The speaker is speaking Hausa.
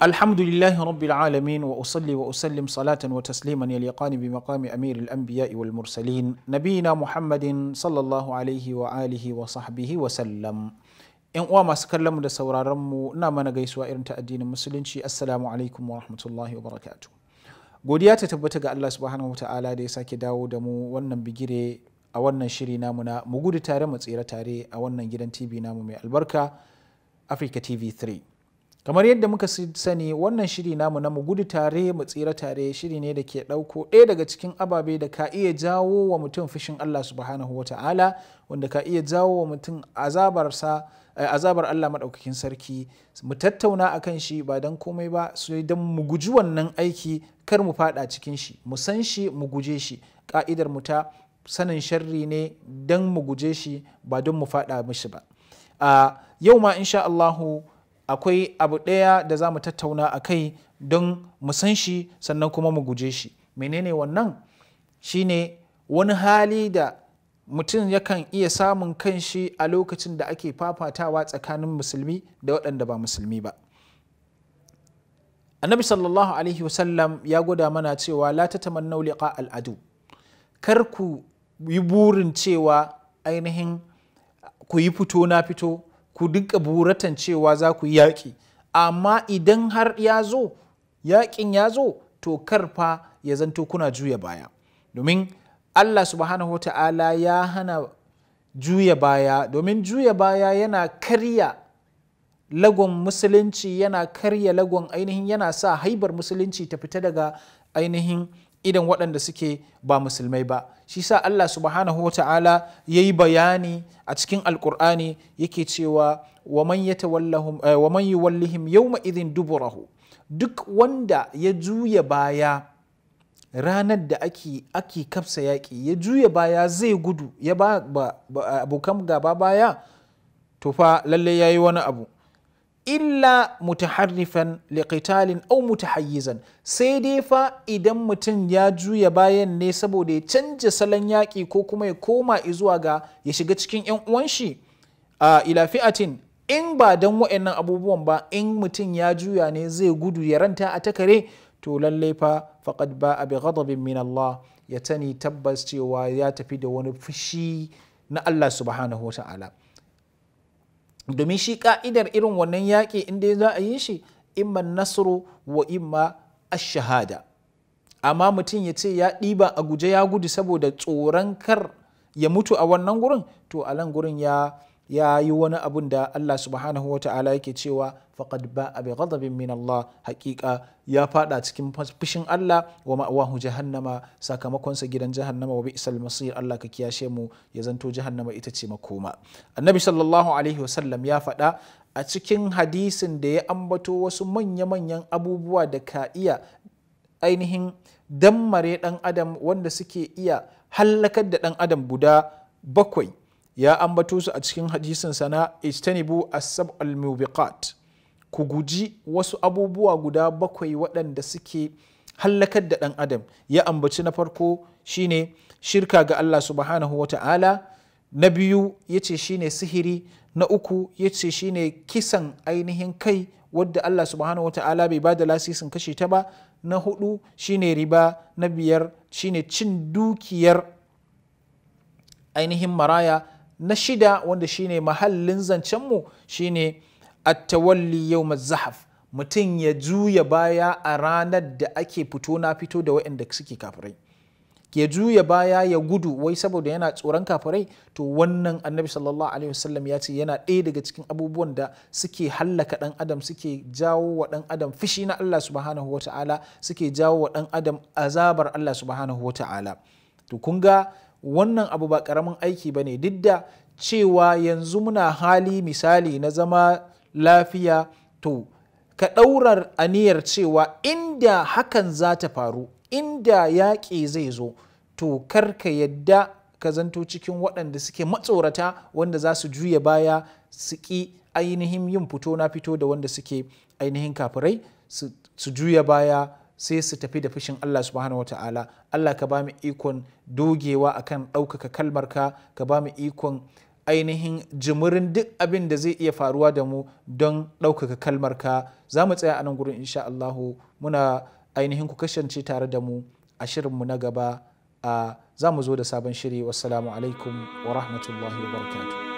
الحمد لله رب العالمين وأصلي وأسلم صلاة وتسليما يليقان بمقام أمير الأنبياء والمرسلين نبينا محمد صلى الله عليه وآله وصحبه وسلم ‘Yan uwa masu kallon mu da sauraron mu na mana gaisuwa irin ta addinin musulunci assalamu alaikum wa rahmatullahi wa barakatu. Godiya ta tabbata ga Allah subhanahu wa ta'ala da ya sake dawo da mu wannan bigire a wannan shiri namu na mu gudu tare mu tsira tare a wannan gidan TV namu mai albarka Africa TV 3. kamar yadda muka sani wannan shiri namu na mu gudu tare mu tsira tare shiri ne da ke ɗauko ɗaya daga cikin ababe da ka iya jawo wa mutum fishin Allah subhanahu wa ta'ala wanda ka iya jawo wa mutum eh, azabar Allah maɗaukakin sarki mu tattauna a kan shi ba don komai ba sai don mu guji wannan aiki kar mu faɗa cikin shi mu san shi mu guje shi ka'idar mu ta sanin sharri ne don mu guje shi ba don mu faɗa mishi ba ah, yau ma insha Allahu akwai abu ɗaya da za mu tattauna a kai don mu san shi sannan kuma mu guje shi menene wannan shine wani hali da mutum yakan iya samun kanshi a lokacin da ake fafatawa tsakanin musulmi da waɗanda ba musulmi ba annabi sallallahu alaihi wasallam ya gwada mana cewa la ta liqa al'adu kar ku yi burin cewa ainihin ku yi fito na fito ku dinka buratan cewa za ku yi yaƙi amma idan har ya zo yaƙin ya zo to karfa ya zanto kuna juya baya domin allah subhanahu ta'ala ya hana juya baya domin juya baya yana karya lagon musulunci yana karya lagon ainihin yana sa haibar musulunci ta fita daga ainihin idan waɗanda suke ba musulmai ba shi sa Allah subhanahu wa ta'ala ya yi bayani a cikin alkur'ani yake cewa wa man yi eh, wallihim yawma idin duburahu duk wanda ya juya baya ranar da ake ake kafsa yaƙi ya juya baya zai gudu ya ba abokan gaba baya to fa lalle ya yi wani abu illa mutaharrifan liqitalin au mutahayyizan sai dai fa idan mutum ya juya bayan ne saboda ya canja salon yaƙi ko kuma ya koma zuwa ga ya shiga cikin 'yan uwan shi a ila fi'atin in ba dan wayannan abubuwan ba in mutum ya juya ne zai gudu ya ranta a takare to lallai fa faqad ba bi ghadabin min Allah ya tani tabbas cewa ya tafi da wani fushi na Allah subhanahu wa ta'ala domin shi ka'idar irin wannan yaƙi inda za a yi shi imma nasru wa imma ash-shahada amma mutum ya ce ya ɗiba a guje ya gudu saboda tsoron kar ya mutu a wannan gurin to a nan gurin ya ya yi wani abun da Allah subhanahu wa ta'ala yake cewa faqad ba'a bi ghadabin min Allah haƙiƙa ya fada cikin fushin Allah wa ma'awahu jahannama sakamakon sa gidan jahannama wa bi'sal masir Allah ka kiyashe mu ya zanto jahannama ita ce makoma annabi sallallahu alaihi wasallam ya faɗa a cikin hadisin da ya ambato wasu manya-manyan abubuwa da ka iya ainihin dammare ɗan adam wanda suke iya hallakar da dan adam guda bakwai ya ambato su a cikin hadisin sana istanibu asab al mubiqat ku guji wasu abubuwa guda bakwai waɗanda suke hallakar da ɗan adam ya ambaci na farko shine shirka ga Allah subhanahu wa ta'ala na biyu ya ce shine sihiri na uku ya ce shine kisan ainihin kai wadda Allah subhanahu wa ta'ala bai ba da lasisin kashe ta ba na hudu shine riba na biyar shine cin dukiyar ainihin maraya na shida wanda shine mahallin mu shine attawalli yau zahaf mutum ya juya baya a ranar da ake fito na fito da waɗanda suke kafirai ya juya baya ya gudu wai saboda yana tsoron kafirai to wannan annabi sallallahu alaihi wasallam ya ce yana ɗaya daga cikin abubuwan da suke hallaka ɗan adam suke jawo wa ɗan adam fushi na Allah subhanahu wata'ala suke jawo wa ɗan adam azabar Allah subhanahu wata'ala to kun ga wannan abu ba karamin aiki ba ne duk da cewa yanzu muna hali misali na zama lafiya to ka ɗaurar aniyar cewa inda hakan za ta faru inda yaƙi zai zo to kar ka yadda ka zanto cikin waɗanda suke matsorata wanda za su juya baya su ƙi ainihin yin fito na fito da wanda suke ainihin kafirai su juya baya sai su tafi da fushin Allah subhanahu ta'ala Allah ka ba mu ikon dogewa akan ɗaukaka kalmarka ka ba mu ikon ainihin jimirin duk abin da zai iya faruwa da mu don ɗaukaka kalmarka za mu tsaya a nan gurin insha Allahu muna ainihin ku kasance tare da mu a shirinmu na gaba a za mu zo da sabon shiri wassalamu alaikum wa rahmatullahi wa barakatuh